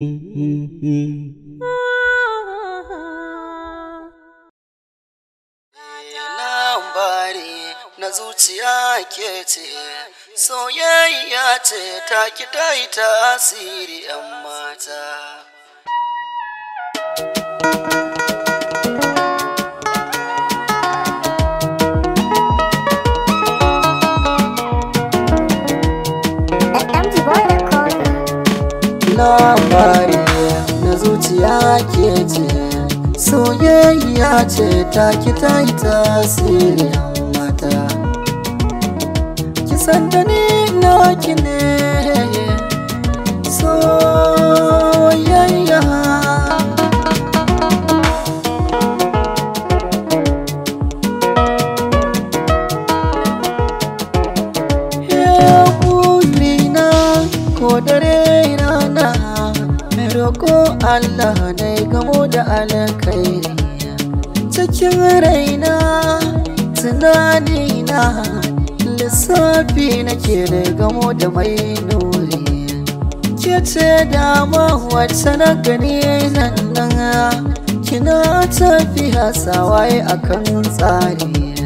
Lambari na zuciya ke ce, soyayya ce ta ki ta asiri tasiri ‘yan mata. labari na zuciya ke ce soyayya ce ta ki ta yi tasiri Allah dai gamo da alkhairi cikin raina tunanina lissafi nake da gamo da mai nuri ke ce dama wata na gani nan nan kina tafi a kan tsari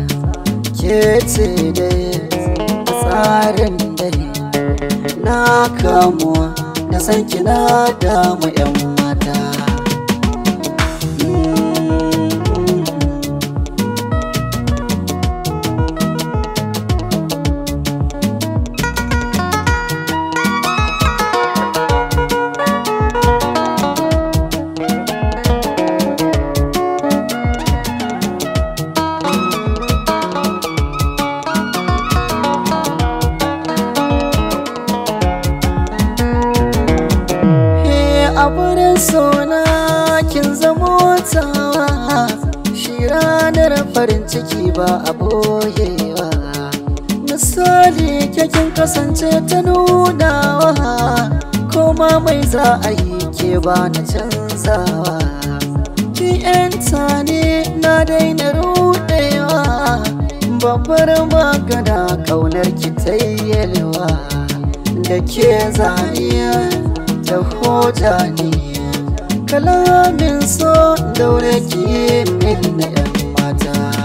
ke ce dai tsarin dai na kamuwa na san kina dama 'yan Yeah. a sona kin zamo tawa shi ranar farin ciki ba a boyewa misali kyakin kasance ta nunawa koma mai za a yi ke ba na canzawa ki yanta ne na daina rudewa babbar magana kaunar ki ta yelwa da ke zaniya da hoja ne kalamin so daure ki min na 'yan mata